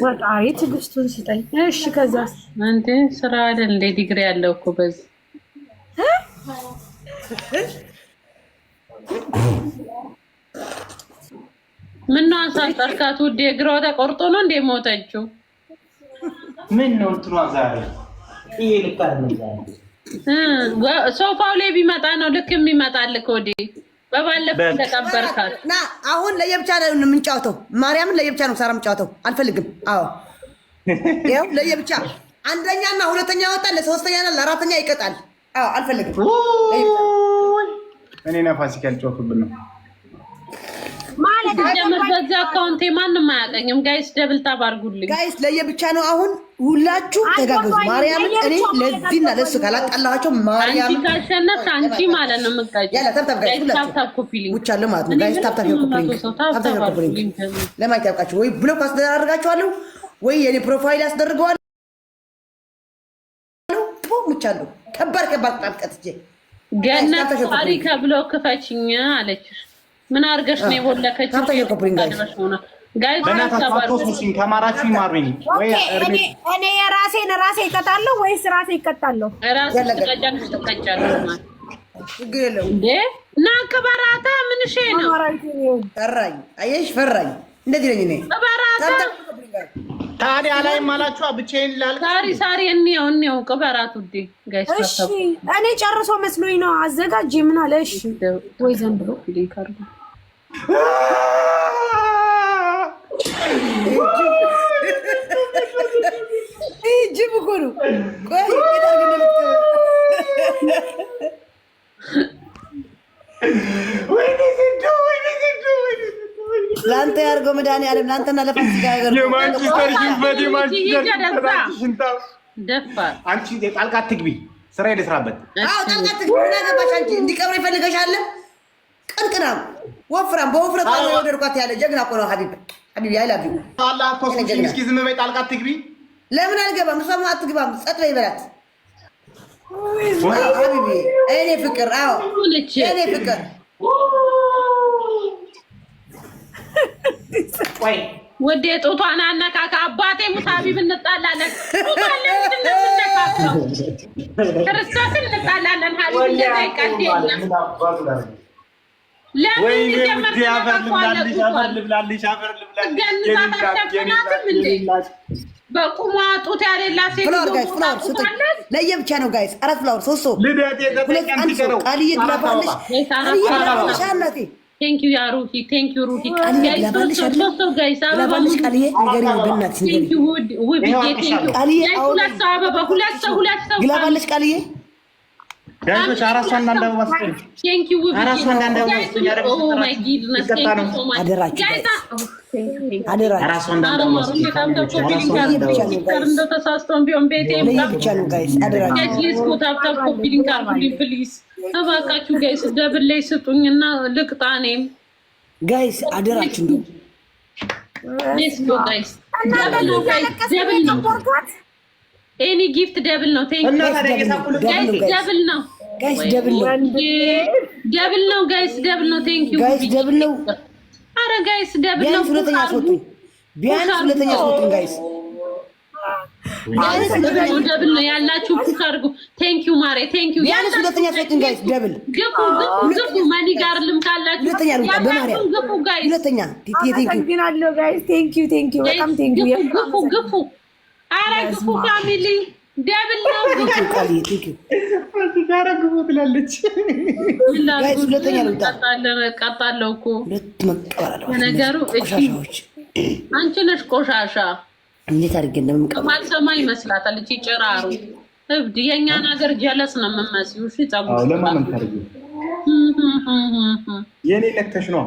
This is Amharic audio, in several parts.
ፈጣሪ ትዕግስቱን ስጠኝ። እሺ ከዛ እንደ ስራ አይደል እንደ ዲግሪ ያለው እኮ በዚህ አሳጠርካት ውዴ? እግሯ ተቆርጦ ነው እንደ ሞተችው። እንትኗ ዛሬ ሶፋው ላይ ቢመጣ ነው ልክ የሚመጣልህ ወዴ በባለፈው እንደቀበርካት እና አሁን ለየብቻ ነው የምንጫወተው። ማርያምን ለየብቻ ነው ሳራ የምንጫወተው። አልፈልግም። አዎ ይኸው ለየብቻ አንደኛና ሁለተኛ ያወጣል፣ ለሶስተኛና ለአራተኛ ይቀጣል። አዎ አልፈልግም። እኔ ነፋሲ ካልጮፍብን ነው ሲጀምር በዛ አካውንቴ ማንም አያውቀኝም። ጋይስ ደብል ታብ አድርጉልኝ ጋይስ፣ ለየብቻ ነው አሁን። ሁላችሁ ተጋገዙ። ማርያምን እኔ ለዚህና ለሱ ካላጣላቸው ማርያም ካሸነፍ አንቺ ማለት ነው ለማየት ያብቃችሁ። ወይ ብሎክ አስደራርጋችኋለሁ ወይ የኔ ፕሮፋይል አስደርገዋለሁ። ሙቻለሁ ከባድ ከባድ ጣልቀት ገነት ታሪከ ብሎክ ፈችኛ አለችሽ ምን አርገሽ ነው የቦለከችው? እኔ የራሴን ራሴ ይቀጣለሁ ወይስ ራሴ ይቀጣለሁ? ና ቅበራታ ምንሽ ነው? ፈራኝ፣ ፈራኝ። እንደዚህ ነኝ እኔ ቅበራታ። ታዲያ አላይም አላችኋ? ብቻዬን ላል ሳሪ ሳሪ፣ እንየው እንየው። ቅበራት ውዴ። እሺ እኔ ጨርሶ መስሎኝ ነው አዘጋጅ። ምን አለ? እሺ ወይ ዘንድሮ ጅብ እኮ ነው። ለአንተ ያድርገው መድኃኒዓለም ለአንተና ለፋሲካ የማንችስተር ሽንፈት የማንችስተር አንቺ ጣልቃ አትግቢ፣ ስራ ልስራበት። ጣልቃ ትግቢ። ምን አገባሽ አንቺ? እንዲቀብር ይፈልገሻል ቅንቅናም ወፍራም በውፍረት ወደድኳት ያለ ጀግና እኮ ሀቢብ ሀቢብ ያይላ ቢ ዝም በይ፣ ጣልቃ አትግቢ። ለምን አልገባም? እሷም አትግባም። ጸጥ በይ በላት። ሀቢብ እኔ ፍቅር፣ አዎ እኔ ፍቅር። ወደ ጡቷን አነካካ። አባቴ ሙት ሀቢብ እንጣላለን። ጡቷን እንጣላለን። ሀቢብ እንደዛ ይቀልድ የለም በቁሟ ጡት ያሌላት ሴት ለየብቻ ነው ጋይስ። አራት ፍላወር ሶስት ሰው ሁለት ሰው ግላባለሽ ቃልዬ ቢያንስ እባካችሁ ጋይስ ደብል ላይ ስጡኝና ልቅጣ። እኔም ጋይስ አደራችሁ ነው። ኤኒ ጊፍት ደብል ነው። ቴንክ ደብል ነው። ጋይስ ደብል ነው፣ ደብል ነው ጋይስ፣ ደብል ነው። ቴንክ ዩ ጋይስ፣ ደብል ነው። አረ ጋይስ፣ ደብል ነው። ቢያንስ ሁለተኛ አስወጡኝ፣ ሁለተኛ አስወጡኝ ጋይስ። ጋይስ ደብል ነው ያላችሁ አድርጉ። ቴንክ ዩ ማሬ፣ ቴንክ ዩ። ቢያንስ ሁለተኛ አስወጡኝ ጋይስ፣ ደብል ግቡ፣ ግቡ። ማኒ ጋር ልም ካላችሁ ሁለተኛ አድርጉ በማርያም ግቡ ጋይስ፣ ሁለተኛ ቴንክ ዩ፣ ቴንክ ዩ፣ በጣም ቴንክ ዩ፣ ግቡ፣ ግቡ። አረ ግቡ ፋሚሊ ቀጣለሁ እኮ ነገሩ አንቺ ነሽ ቆሻሻ። እንዴት አድርጌ እንደምንቀማ ይመስላታል። እቺ ጭራሩ እብድ የእኛን ሀገር ጀለስ ነው የምመስዩ። እሺ ጸጉር ታርጊ የኔ ነክተሽ ነው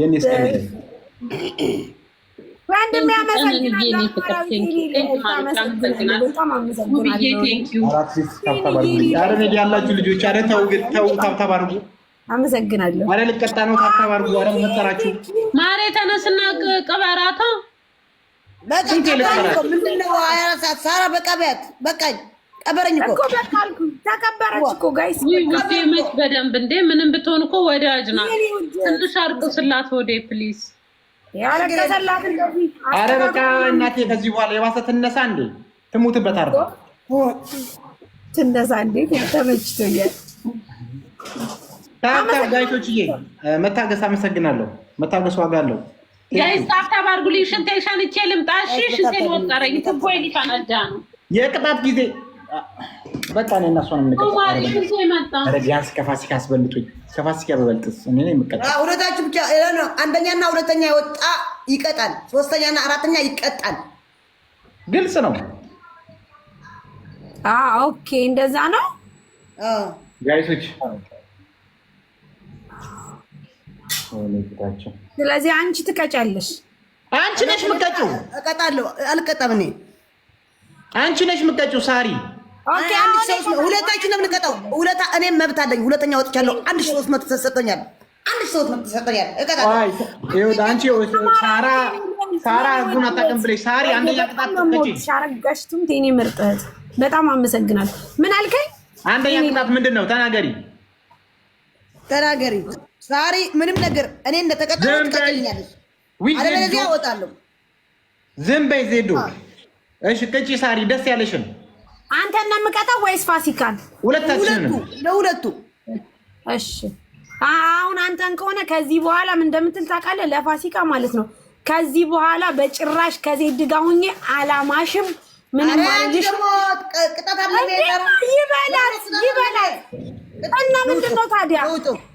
የኔ ያላችሁ ልጆች አረ ተው ግን ተው፣ ታብታብ አድርጉ። አመሰግናለሁ። አረ ልቀጣ ነው። ታብታብ አድርጉ። አረ ማሬ ተነስና በቃኝ። ቀበረኝ እኮ ተቀበረች እኮ ጋይስ በደንብ ምንም ብትሆን እኮ ወዳጅ ናት። ትንሽ አርቅስላት ወዴ ፕሊዝ አረ በቃ እናቴ ከዚህ በኋላ የባሰ ትነሳ እንዴ ትሙትበት። አረ ትነሳ እንዴ ተመችቶኛል። ጋይቶችዬ መታገስ አመሰግናለሁ። መታገስ ዋጋ አለው። አድርጉልኝ። ሽንቴ ሸንቼ ልምጣ። እሺ ሽንቴ ወጠረኝ። ትቦይ ሊፈነዳ ነው የቅጣት ጊዜ በቃ እኔ እና እሷን ቢያንስ ከፋሲካ አስበልጡኝ። ከፋሲካ በበልጥስ እኔ የምቀጣው ሁለታችሁ ብቻ ነው። አንደኛና ሁለተኛ የወጣ ይቀጣል፣ ሶስተኛና አራተኛ ይቀጣል። ግልጽ ነው። ኦኬ፣ እንደዛ ነው ጋይሶች። ስለዚህ አንቺ ትቀጫለሽ። አንቺ ነሽ የምትቀጪው። እቀጣለሁ። አልቀጣም እኔ። አንቺ ነሽ የምትቀጪው ሳሪ ሁለታችን ነው የምንቀጣው። ሁለታ እኔም መብት አለኝ። ሁለተኛ ወጥቻለሁ። አንድ ሺህ ሦስት መቶ ተሰጠኛል። አንድ ሺህ ሦስት መቶ ተሰጠኛል። ሳራ ህጉን አታውቅም ብለሽ ሳሪ አንደኛ ቅጣት ሻረጋሽቱም ቴኔ ምርጥ በጣም አመሰግናለሁ። ምን አልከኝ? አንደኛ ቅጣት ምንድን ነው? ተናገሪ ተናገሪ። ሳሪ ምንም ነገር እኔ እንደተቀጣ ትቀጥልኛለች። አለበለዚያ እወጣለሁ። ዝም በይ ዜዶ። እሺ ቅጪ ሳሪ፣ ደስ ያለሽን አንተ ነው የምቀጣው ወይስ ፋሲካን? ሁለታችን ለሁለቱ። እሺ አሁን አንተን ከሆነ ከዚህ በኋላ ምን እንደምትል ታውቃለህ? ለፋሲካ ማለት ነው። ከዚህ በኋላ በጭራሽ ከዜድ ጋር ሁኜ አላማሽም። ምን ማለሽ ይበላል ይበላል። እና ምንድን ነው ታዲያ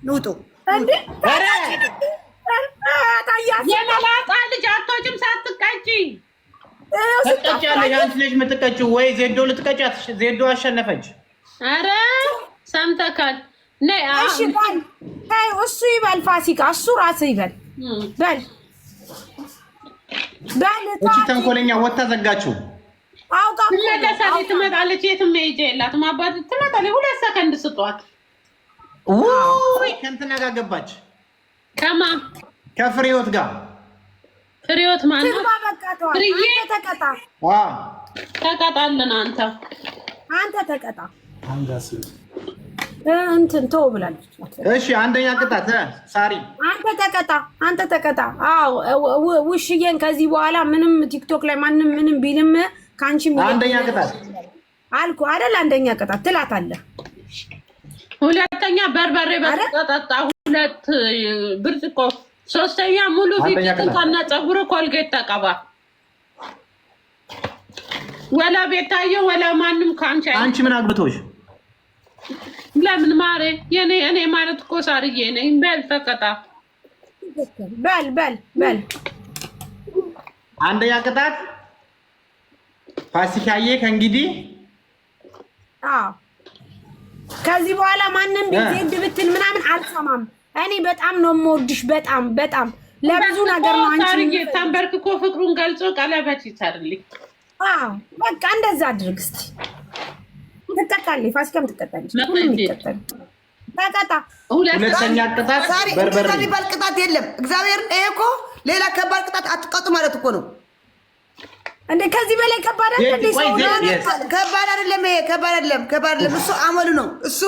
ንውጡ እንዴ? የመላጣ ልጅ አትወጪም ሳትቀጪ ትቀጫለሽ። አንቺ ነሽ የምትቀጪው ወይ ዜዶ ልትቀጫት። ዜዶ አሸነፈች። ኧረ ሰምተካል። እሺ በል እሱ ይበል። ፋሲካ እሱ እራስህ ይበል። በል እቺ ተንኮለኛ ወታ ዘጋችው። ትመለሳለች፣ ትመጣለች። የትም መሄጃ የላትም። አባት ትመጣለች። ሁለት ሰከንድ ስጧት። ውይ ከእንትና ጋር ገባች። ከማን ከፍሬ ህይወት ጋር ፍሬዎት ማነው? ፍርዬ ተቀጣ። ተቀጣልን። አንተ አንተ ተቀጣ። እንትን ተው ብላለች። እሺ አንደኛ ቅጣት ሳሪ፣ አንተ ተቀጣ፣ አንተ ተቀጣ። አዎ ውሽዬን ከዚህ በኋላ ምንም ቲክቶክ ላይ ማንም ምንም ቢልም ከአንቺ አንደኛ ቅጣት አልኩ አይደል? አንደኛ ቅጣት ትላታለህ። ሁለተኛ በርበሬ በጠጣ ሁለት ብርጭቆ ሶስተኛ ሙሉ ፊትና ፀጉር ኮልጌት ተቀባ። ወላ ቤታየው ወላ ማንም ከአንቺ አንቺ ምን አግብቶሽ ለምን ማሬ? የኔ እኔ ማለት እኮ ሳርዬ ነኝ። በል ፈቀጣ በል በል በል አንደኛ ቅጣት ፋሲካዬ ከእንግዲህ ከዚህ በኋላ ማንም ቤት ብትል ምናምን አልሰማም። እኔ በጣም ነው የምወድሽ። በጣም በጣም ለብዙ ነገር ነው አንቺ ተንበርክኮ ፍቅሩን ገልጾ ቀለበት ይሰርልኝ። አዎ በቃ እንደዛ አድርግ እስኪ። ትቀጣለች፣ ፋሲካም ትቀጣለች፣ ሁለተኛ ቅጣት በርበሬ ቅጣት የለም። እግዚአብሔር ይሄ እኮ ሌላ ከባድ ቅጣት አትቀጡ ማለት እኮ ነው። እንደ ከዚህ በላይ ከባድ አይደለም። ከባድ አይደለም። ይሄ ከባድ አይደለም። ከባድ አይደለም። እሱ አመሉ ነው። እሱ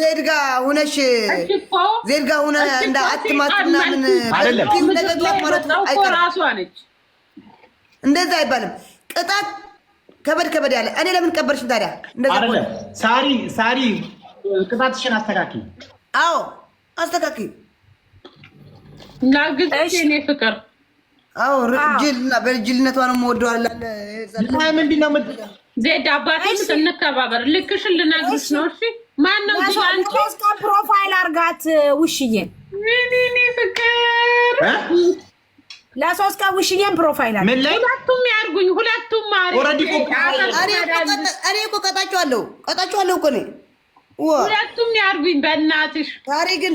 ዜድጋ ሁነሽ ዜድጋ ሁነ እንደ አትማት ምናምን እንደዛ አይባልም። ቅጣት ከበድ ከበድ ያለ እኔ ለምን ቀበርሽን ታዲያ? እንደዛ ሳሪ ሳሪ ቅጣትሽን አስተካኪ። አዎ አስተካክል። ላግዝሽ እኔ ፍቅር አዎ ጅል እና በጅልነቷ ነው የምወደዋለሁ። ምንድን ነው ዜድ ልክሽን ልነግርሽ ነው። እሺ ማነው አንቺ ፕሮፋይል ውሽዬን ፍቅር ለሶስት ቀን ውሽዬን ፕሮፋይል አለ። ሁለቱም ያርጉኝ፣ ሁለቱም ማሪ እኔ እኮ ቀጣችኋለሁ፣ ቀጣችኋለሁ እኮ ሁለቱም ያርጉኝ በእናትሽ። ዛሬ ግን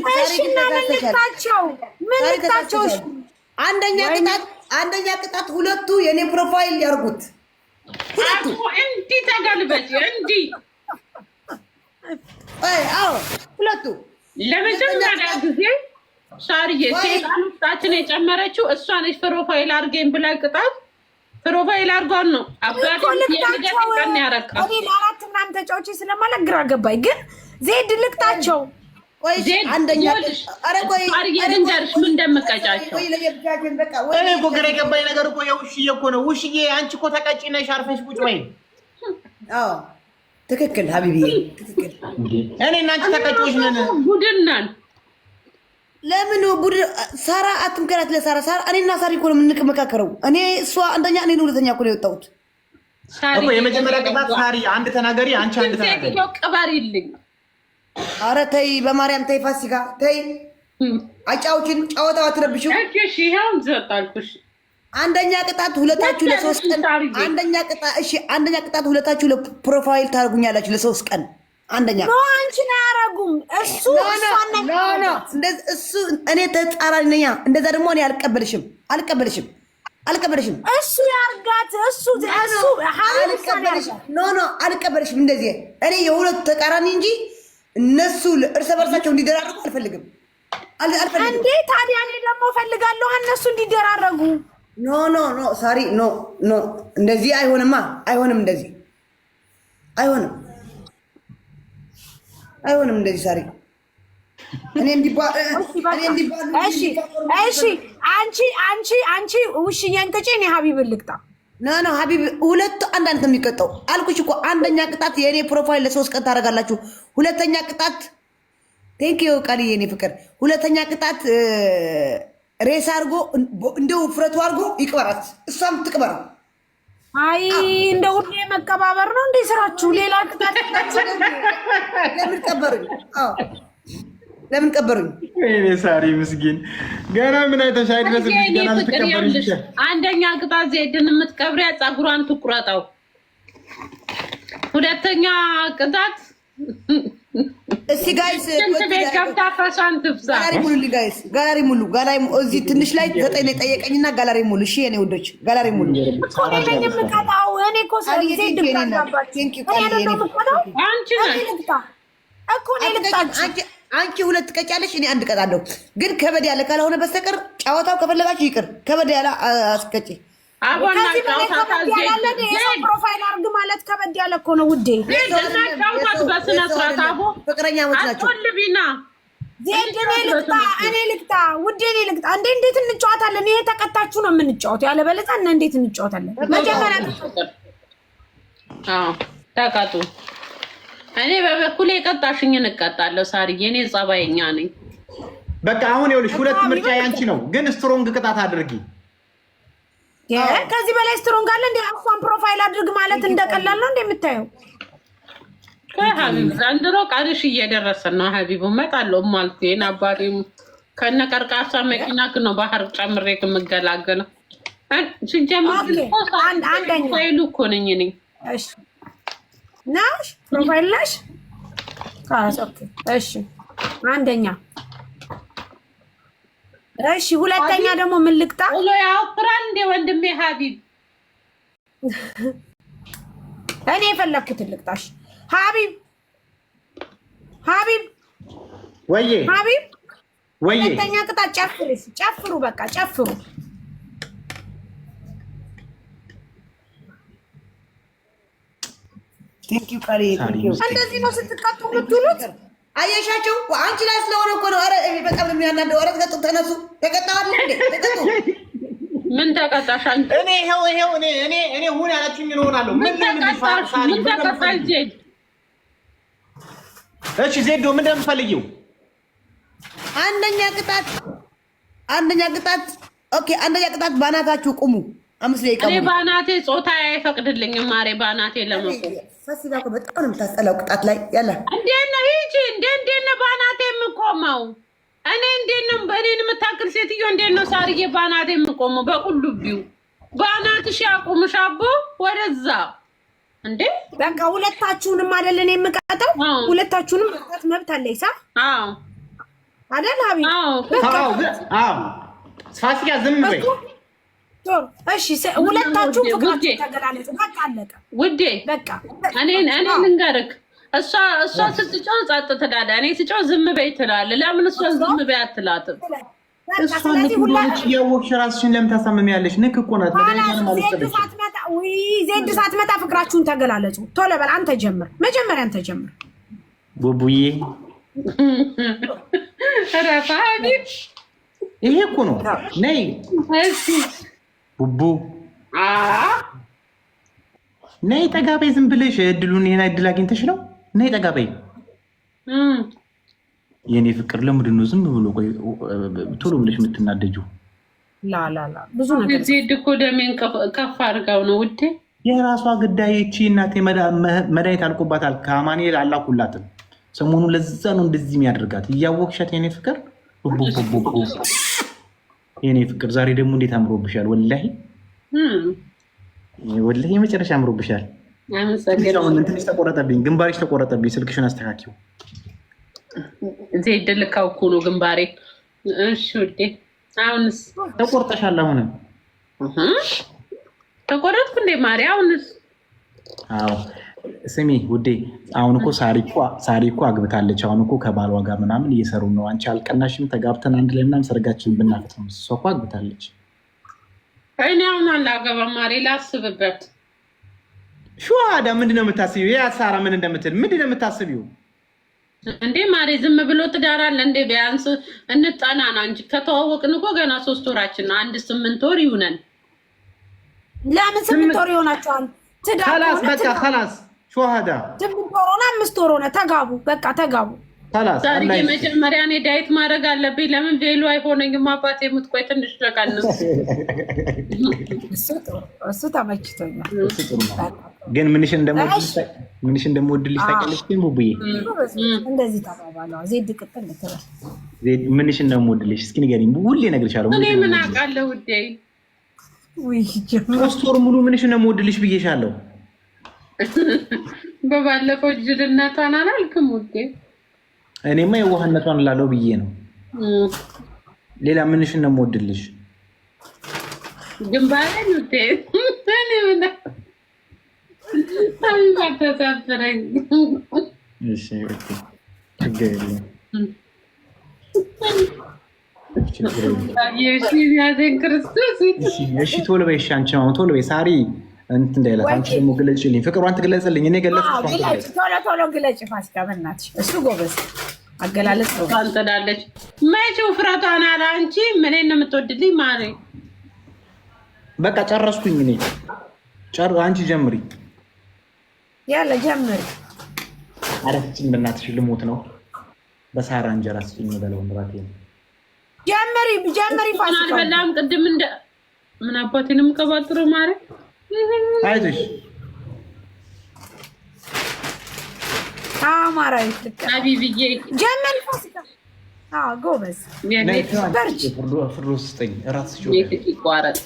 ምን አንደኛ ቅጣት አንደኛ ቅጣት ሁለቱ የኔ ፕሮፋይል ያርጉት። ሁለቱ እንዲ ተገልበጭ እንዲ አይ አዎ፣ ሁለቱ ለመጀመሪያ ጊዜ ሳርዬ ሴት አምጣችን የጨመረችው እሷ ነች። ፕሮፋይል አርገኝ ብላ ቅጣት ፕሮፋይል አርጓን ነው አባቴ ያረቃ እኔ ለአራት ምናምን ተጫውቼ ስለማለት ግራ ገባኝ። ግን ዜድ ልቅጣቸው ቆይ አንደኛ ኧረ ቆይ ልንገርሽ ምን እንደምቀጫቸው እኔ ትክክል ሀቢብዬ፣ እኔ እና ተቀጭዎች ነን፣ ቡድን ነን። ለምን ቡድን ሳራ አትምከራት ለሳራ ሳራ እኔ ሳሪ እኮ ነው የምንመካከረው። እኔ እሷ አንደኛ እኔ ሁለተኛ እኮ ነው የወጣሁት። የመጀመሪያ ቅጣት ሳሪ አንድ ተናገሪ፣ አንቺ አንድ ተናገሪ። ቅበሪልኝ አረ ተይ፣ በማርያም ተይ፣ ፋሲካ ተይ፣ አጫውችን ጨዋታ አትረብሽው። አንደኛ ቅጣት ሁለታችሁ ለሶስት ቀን አንደኛ ቅጣት እሺ፣ አንደኛ ቅጣት ሁለታችሁ ለፕሮፋይል ታደርጉኛላችሁ ለሶስት ቀን አንደኛ ነው። አንቺን አያረጉም። እሱ እሱ እኔ ተጻራሪ ነኝ። እንደዛ ደግሞ እኔ አልቀበልሽም፣ አልቀበልሽም፣ አልቀበልሽም። እሱ ያርጋት እሱ እሱ ኖ ኖ፣ አልቀበልሽም። እንደዚህ እኔ የሁለቱ ተቃራኒ እንጂ እነሱ እርስ በርሳቸው እንዲደራረጉ አልፈልግም። እንዴ ታዲያ እኔ ደግሞ ፈልጋለሁ እነሱ እንዲደራረጉ። ኖ ኖ ኖ ሳሪ ኖ ኖ፣ እንደዚህ አይሆንማ፣ አይሆንም፣ እንደዚህ አይሆንም፣ አይሆንም፣ እንደዚህ ሳሪ እሺ፣ አንቺ አንቺ አንቺ ውሽኛን ቅጪ፣ እኔ ሀቢብን ልቅጣ ኖ ኖ ሀቢብ ሁለቱ አንድ አይነት ነው የሚቀጣው። አልኩሽ እኮ አንደኛ ቅጣት የእኔ ፕሮፋይል ለሶስት ቀን ታደርጋላችሁ። ሁለተኛ ቅጣት ቴንክ ዩ ቃል የኔ ፍቅር። ሁለተኛ ቅጣት ሬስ አድርጎ እንደው ፍረቱ አድርጎ ይቅበራት፣ እሷም ትቅበር። አይ እንደ ሁሌ መቀባበር ነው እንዴ ስራችሁ? ሌላ ቅጣት ለምን ቀበሩኝ? ለምን ቀበሩኝ? ወይኔ ሳሪ ምስጊን፣ ገና ምን አይተሽ አይደረስም። አንደኛ ቅጣት ዜድን የምትቀብሪያ ፀጉሯን ትቁረጠው። ሁለተኛ ቅጣት እስቲ ጋይስ ጋላሪ ሙሉ ጋላሪ ሙሉ እዚህ ትንሽ ላይ ዘጠኝ ላይ ጠየቀኝና ጋላሪ ሙሉ። እሺ የኔ ውዶች ጋላሪ ሙሉ አንቺ አንቺ ሁለት ቀጫለሽ፣ እኔ አንድ ቀጣለሁ። ግን ከበድ ያለ ካልሆነ በስተቀር ጨዋታው ከፈለጋችሁ ይቅር። ከበድ ያለ አስቀጭ ፕሮፋይል አርግ ማለት ከበድ ያለ እኮ ነው ውዴ። ጨዋታት ልቅጣ እኔ ልቅጣ ውዴ፣ እኔ ልቅጣ እንዴ! እንዴት እንጫወታለን? ይሄ ተቀጣችሁ ነው የምንጫወት፣ ያለበለዚያ እና እንዴት እንጫወታለን? መጀመሪያ ተቀጡ እኔ በበኩል የቀጣሽኝ እንቀጣለሁ። ሳርዬ እኔ ጸባይኛ ነኝ። በቃ አሁን ይኸውልሽ ሁለት ምርጫ ያንቺ ነው፣ ግን ስትሮንግ ቅጣት አድርጊ። ከዚህ በላይ ስትሮንግ አለ እንዴ? አፏን ፕሮፋይል አድርግ ማለት እንደቀላል ነው እንደምታየው። ከሀቢብ ዘንድሮ ቀንሽ እየደረሰ ነው። ሀቢቡ እመጣለሁ ማልኩ ይህን አባሪ ከነ ቀርቃሳ መኪና ግን ነው ባህር ጨምሬ የምገላገለው። ሲጀምር አንደኛ ሳይሉ እኮ ነኝ እኔ ናሽ ፕሮፋይል ናሽ። እሺ አንደኛ። እሺ ሁለተኛ ደግሞ ምን ልቅጣ? ሎ ያወፍራል እንደ ወንድሜ ሀቢብ እኔ የፈለግኩትን ልቅጣሽ። ሀቢብ ሀቢብ ወይዬ ሀቢብ ወይዬ ሁለተኛ ቅጣት። ጨፍሩ፣ ጨፍሩ፣ በቃ ጨፍሩ። እንደዚህ ነው ስትቀጡ የምትውሉት። አየሻቸው አንቺ ላይ ስለሆነ እኮ ነው። በጣም የሚያናደው ኧረ ተቀጡ፣ ተነሱ፣ ተቀጣዋል። ምን ተቀጣሽ እኔ ይኸው ይኸው እኔ እኔ እኔ ሁን ያለችኝ እሆናለሁ። ምን ተቀጣሽ? ምን ተቀጣሽ ዜድ? እሺ ዜዶ ምን እንደምፈልጊው አንደኛ ቅጣት፣ አንደኛ ቅጣት። ኦኬ አንደኛ ቅጣት፣ ባናታችሁ ቁሙ አምስት ላይ ቀሙ። ባናቴ ጾታ አይፈቅድልኝም። ማሬ ባናቴ ለመቆም ፈሲላ እኮ በጣም ነው የምታስጠላው። ቅጣት ላይ ያለ እንዴት ነው ይቺ? እንዴት እንዴት ነው ባናቴ የምቆመው እኔ? እንዴት ነው እኔን የምታክል ሴትዮ እንዴት ነው ሳርዬ ባናቴ የምቆመው? በቁልቢው ባናትሽ ያቁምሽ። አቦ ወደዛ እንዴ በቃ ሁለታችሁንም አይደል እኔ የምቀጠው? ሁለታችሁንም መቅጣት መብት አለ ይሳ አይደል? ሀቢ አዎ ፋሲካ ዝም በይ ሁለታችሁ ውዴ እኔን እንገርክ እሷ እሷ ስትጮህ ጸጥ ትላለህ፣ እኔ ስጮህ ዝም በይ ትላለህ። ለምን እሷ ዝም በይ አትላትም? እሷ ንክ እያወቅሽ እራስሽን ለምን ታሳምሚያለሽ? ንክ እኮ ናት። ዜድ ሳትመጣ ፍቅራችሁን ተገላለጹ። ቶሎ በል አንተ ጀምር፣ መጀመሪያ አንተ ጀምር። ቡቡዬ ረፋ ይሄ እኮ ነው ነይ ቡቡ ነይ ጠጋበይ። በይ። ዝም ብለሽ እድሉን ይሄን እድል አግኝተሽ ነው። ነይ ጠጋ የእኔ ፍቅር። ለምንድን ነው ዝም ብሎ ቶሎ ብለሽ የምትናደጂው? ብዙ ደሜን ከፍ አድርጋው ነው ውዴ። የራሷ ግዳይ እቺ እናቴ መድኃኒት አልቆባታል። ከአማኑኤል አላኩላትም ሰሞኑን። ለዛ ነው እንደዚህ የሚያደርጋት እያወቅሻት የኔ ፍቅር የኔ ፍቅር ዛሬ ደግሞ እንዴት አምሮብሻል! ወላሂ ወላሂ የመጨረሻ አምሮብሻል። ትንሽ ተቆረጠብኝ፣ ግንባሬሽ ተቆረጠብኝ። ስልክሽን አስተካኪው። ዜድ ልካው እኮ ነው ግንባሬ። እሺ ውዴ፣ አሁንስ ተቆርጠሻል? አሁንም ተቆረጥኩ እንዴ ማሪ? አሁንስ አዎ ስሚ ውዴ፣ አሁን እኮ ሳሪ እኮ አግብታለች። አሁን እኮ ከባል ዋጋ ምናምን እየሰሩ ነው። አንቺ አልቀናሽም? ተጋብተን አንድ ላይ ምናምን ሰርጋችን ብናፍጥ ነው። እሷ እኮ አግብታለች። እኔ አሁን አላገባማ፣ ማሬ አስብበት። ሸዋዳ ምንድን ነው የምታስቢው? የሳራ ምን እንደምትል ምንድን ነው የምታስቢው? እንዴ ማሬ ዝም ብሎ ትዳር አለ እንዴ? ቢያንስ ነው እንጂ ከተዋወቅን እኮ ገና ሶስት ወራችን አንድ ስምንት ወር ይሁነን። ለምን ስምንት ወር ይሆናቸዋል? ትዳር በቃ ላስ ሸሃዳ ድምፅ ሆኖ አምስት ወር ሆነ። ተጋቡ በቃ ተጋቡ። ታሪክ መጀመሪያ እኔ ዳይት ማድረግ አለብኝ። ለምን ቬሎ አይሆነኝም? አባት የምትቆይ ትንሽ ለቀንስ። እሱ ተመችቶኛል። ግን ምንሽ እንደምወድልሽ ታውቂያለሽ? ግን ቡቡዬ እንደዚህ ተባባለዋ። ዜድ ቅጥል ትበል። ምንሽ እንደምወድልሽ እስኪ ንገሪኝ። ሁሌ እነግርሻለሁ። እኔ ምን አውቃለሁ ውዴ። ሶስት ወር ሙሉ ምንሽ እንደምወድልሽ ብዬሻለሁ። በባለፈው ጅልነቷን አላልክም ውዴ? እኔማ የዋህነቷን ላለው ብዬ ነው። ሌላ ምንሽ እንደምወድልሽ ግንባሬን ውዴ ተሳፍረኝ ክርስቶስ ቶሎ በይ፣ አንቺ ቶሎ በይ ሳሪ እንት እንዳይላት አንቺ ደግሞ ግለጭልኝ፣ ፍቅሯን ትግለጽልኝ። እኔ ገለጽ፣ ቶሎ ቶሎ ግለጭ ፋሲካ፣ በእናትሽ እሱ ጎበዝ አገላለጽ ነው። ታንጠዳለች። መቼ ውፍረቷን አለ አንቺ ምን ነው የምትወድልኝ? ማሪ በቃ ጨረስኩኝ እኔ ጨር አንቺ ጀምሪ፣ ያለ ጀምሪ። አረፍችን በእናትሽ ልሞት ነው። በሳራ እንጀራ ስጭኝ የምበለው ምራት ጀምሪ ጀምሪ። ፋሲካ አልበላም ቅድም እንደ ምን አባቴንም ቀባጥሮ ማሪ አይዞሽ አማራዊ ሀቢብዬ ጀመን ፋሲካ ጎበዝ ይቋረጥ።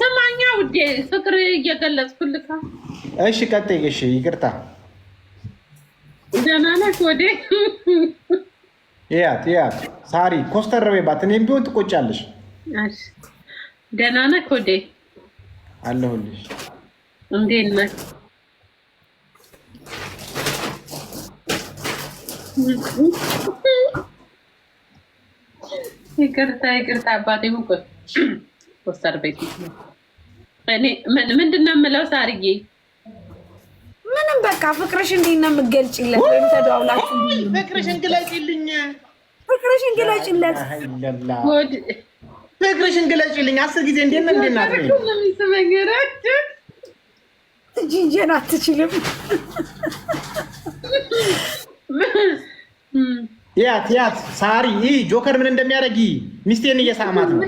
ስማኛ ውዴ ፍቅር እየገለጽኩልካ። እሺ ቀጥይ። እሺ ይቅርታ። ደህና ነሽ ወዴ? ያት ያት ሳሪ ኮስተር በይባት። እኔም ቢሆን ትቆጫለሽ። ደህና ነህ ወዴ? አለሁልሽ። እንዴት ነህ? ይቅርታ ይቅርታ፣ አባቴ ሙቁት ፖስተር ቤት እኔ ምን ምንድን ነው የምለው ሳርዬ፣ ምንም በቃ ፍቅርሽ እንዴት ነው የምትገልጪለት? ወይም ተደዋውላችሁ ፍቅርሽን ግለጪልኝ፣ ፍቅርሽን ግለጪለት። ፍቅርሽን ግለጪልኝ። አስር ጊዜ እንዴት ነው እንዴት ናት? ጂንጀን አትችልም። ያት ያት ሳሪ ይህ ጆከር ምን እንደሚያደርግ ሚስቴን እየሳማት ነው።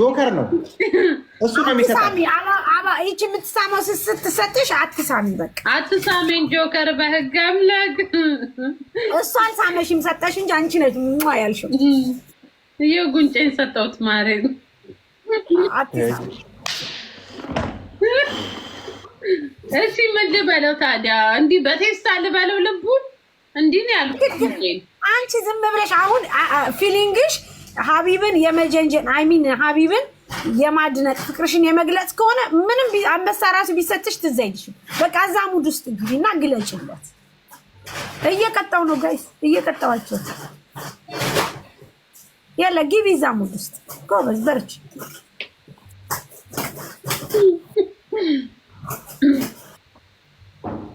ጆከር ነው እሱ ነው የሚሰጣት። ይቺ የምትሳመው ስትሰጥሽ አትሳሚ፣ በቃ አትሳሚን። ጆከር በህግ አምላክ እሱ አልሳመሽም፣ ሰጠሽ እንጂ አንቺ ነሽ ያልሽው ይሄው ጉንጬን ሰጠሁት። ማሬ እሺ፣ ምን ልበለው ታዲያ? እንዲህ በቴስታ ልበለው ልቡን እንዲህ ነው ያልኩት። አንቺ ዝም ብለሽ አሁን ፊሊንግሽ ሀቢብን የመጀንጀን አይሚን ሀቢብን የማድነቅ ፍቅርሽን የመግለጽ ከሆነ ምንም አንበሳ ራሱ ቢሰጥሽ ትዘይሽ። በቃ እዛ ሙድ ውስጥ ግቢና ግለጭለት። እየቀጣው ነው ጋይስ፣ እየቀጣዋቸው ያለ ግቢ እዛ ሙድ ውስጥ ጎበዝ፣ በርቺ።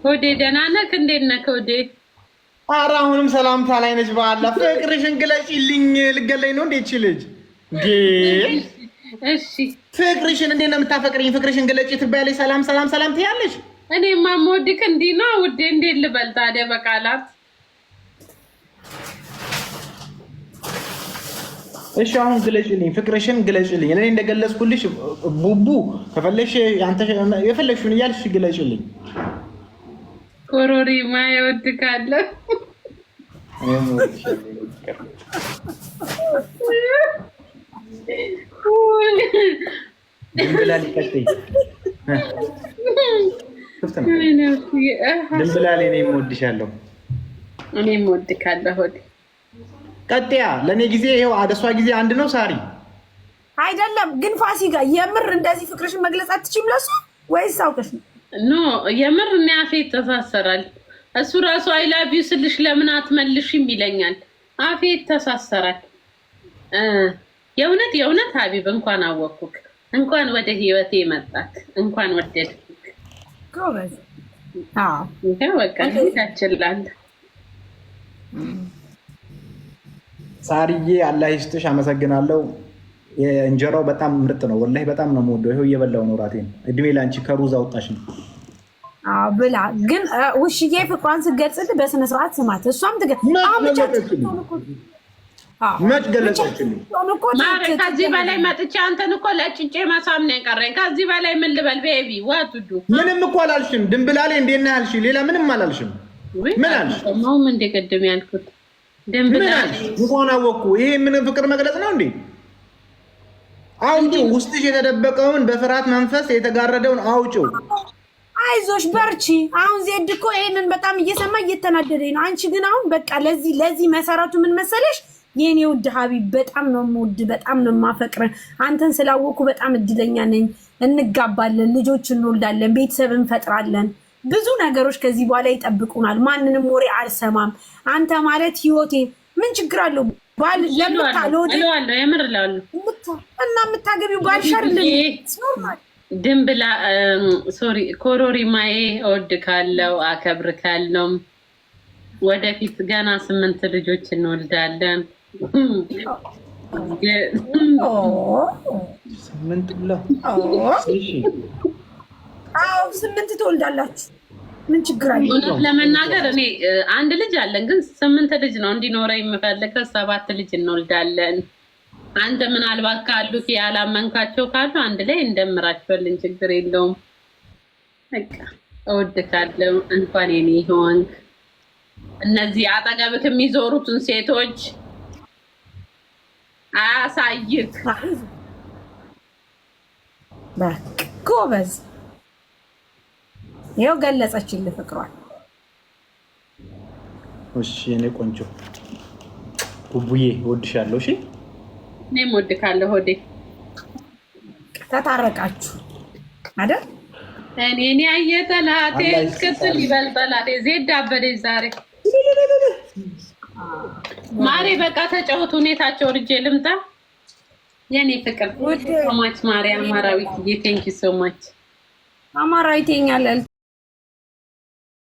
ወዴ ደህና ነህ? እንዴት ነህ ወዴ? ኧረ አሁንም ሰላምታ ላይ ነች። በኋላ ፍቅርሽን ግለጪልኝ። ልገለኝ ነው እንዴ ይቺ ልጅ? እሺ ፍቅርሽን እንዴት ነው የምታፈቅርኝ? ፍቅርሽን ግለጪ ትባያለሽ። ሰላም ሰላም ሰላም ትያለሽ። እኔማ የምወድክ እንዲህ ነው ውዴ። እንዴት ልበል ታዲያ በቃላት እሺ አሁን ግለጭልኝ፣ ፍቅርሽን ግለጭልኝ። እኔ እንደገለጽኩልሽ ቡቡ ከፈለሽ የፈለግሽውን እያልሽ ግለጭልኝ። ኮሮሪማ የወድ ካለ ድንብላሌ እኔም ወድሻለሁ፣ እኔም እወድካለሁ። ቀጥያ ለእኔ ጊዜ ይኸው አደሷ ጊዜ አንድ ነው። ሳሪ አይደለም ግን ፋሲካ የምር እንደዚህ ፍቅርሽን መግለጽ አትችም ለሱ ወይስ አውቀሽ ነው? ኖ የምር እኔ ይተሳሰራል። እሱ ራሱ አይላቢዩ ስልሽ ለምን አትመልሽም ይለኛል። አፌ ይተሳሰራል። የእውነት የእውነት ሀቢብ እንኳን አወቅኩክ፣ እንኳን ወደ ህይወቴ መጣክ፣ እንኳን ወደድኩክ። በቃ ይቻችላል ሳርዬ አላህ ይስጥሽ፣ አመሰግናለሁ። እንጀራው በጣም ምርጥ ነው። ወላሂ በጣም ነው የምወደው። ይኸው እየበላሁ ነው እራቴን። እድሜ ላንቺ ከሩዝ አውጣሽ ነው ብላ ግን ውሽዬ ፍቅሯን ስገልጽልህ በስነ ስርዓት ስማት። እሷም መች ገለጸችልኝ? ከዚህ በላይ መጥቼ አንተን እኮ ለጭጬ መሳም ነው የቀረኝ። ከዚህ በላይ ምን ልበል? ቤቢ ዋትዱ ምንም እኮ አላልሽም። ድንብላሌ እንዴት ነህ አልሽኝ። ሌላ ምንም አላልሽም። ምን አልሽ? እንደቅድም ያልኩት እንኳን አወቅኩ። ይሄ ምን ፍቅር መግለጽ ነው እንዴ? አውጪው፣ ውስጥሽ የተደበቀውን በፍርሃት መንፈስ የተጋረደውን አውጪው። አይዞሽ በርቺ። አሁን ዜድ እኮ ይሄንን በጣም እየሰማ እየተናደደኝ ነው። አንቺ ግን አሁን በቃ ለዚህ ለዚህ መሰረቱ ምን መሰለሽ? የኔ ውድ ሀቢብ በጣም ነው የምወድ፣ በጣም ነው የማፈቅር። አንተን ስላወቅኩ በጣም እድለኛ ነኝ። እንጋባለን፣ ልጆች እንወልዳለን፣ ቤተሰብ እንፈጥራለን። ብዙ ነገሮች ከዚህ በኋላ ይጠብቁናል። ማንንም ወሬ አልሰማም። አንተ ማለት ህይወቴ ምን ችግር አለው? ባል እና የምታገቢው ባል ሸርልን ድንብላ ሶሪ ካለው አከብር አከብርካለው። ወደፊት ገና ስምንት ልጆች እንወልዳለን። ስምንት አዎ ስምንት ትወልዳላችሁ። ምን ችግር አለ? እውነት ለመናገር እኔ አንድ ልጅ አለን፣ ግን ስምንት ልጅ ነው እንዲኖረ የምፈልገው። ሰባት ልጅ እንወልዳለን። አንተ ምናልባት ካሉት ያላመንካቸው ካሉ አንድ ላይ እንደምራቸውልን ችግር የለውም። በቃ እወድካለሁ። እንኳን የኔ ሆንክ። እነዚህ አጠገብክ የሚዞሩትን ሴቶች አያሳይክ። ጎበዝ ይኸው ገለጸችልህ ፍቅሯል። እሺ የኔ ቆንጆ ቡቡዬ እወድሻለሁ። እሺ እኔም እወድካለሁ። ሆዴ ተታረቃችሁ አይደል? እኔን ያየ ጠላቴ እስክትል ይበልበላቴ። ዜድ አበደች ዛሬ ማሬ። በቃ ተጫወቱ። ሁኔታቸው ልጄ ልምጣ የኔ ፍቅር ሶማች ማሪ አማራዊት ቴንኪ ሶማች አማራዊ ኛለል